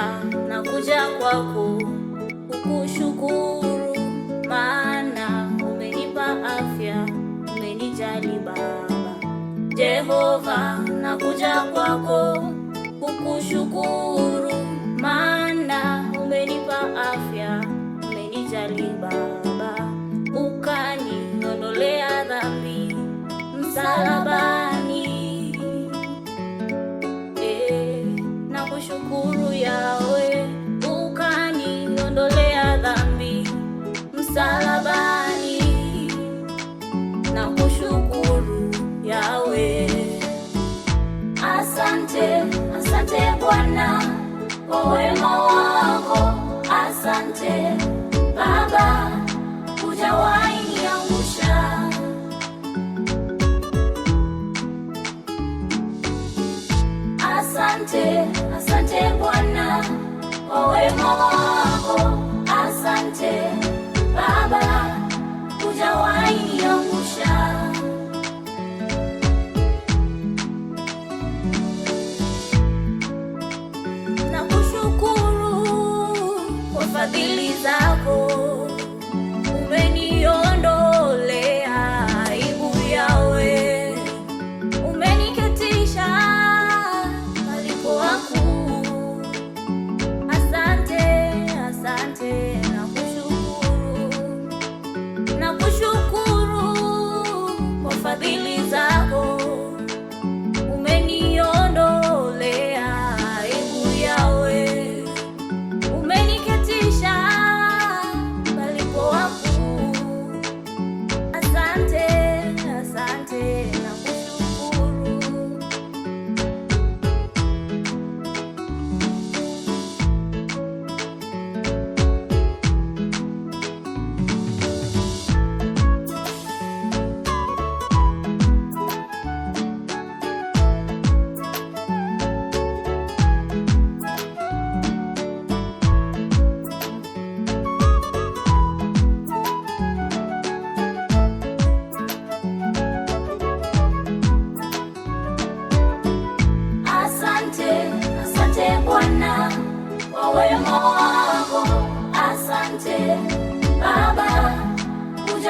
Baba, nakuja kwako kukushukuru, maana umenipa afya, umenijali Baba. Jehova, nakuja kwako kukushukuru, maana umenipa afya, umenijali Baba, ukaniondolea dhambi msala yawe. Asante, asante Bwana kwa wema wako, asante Baba, hujawaiangusha asante, asante Bwana kwa wema wako. tranquilizar.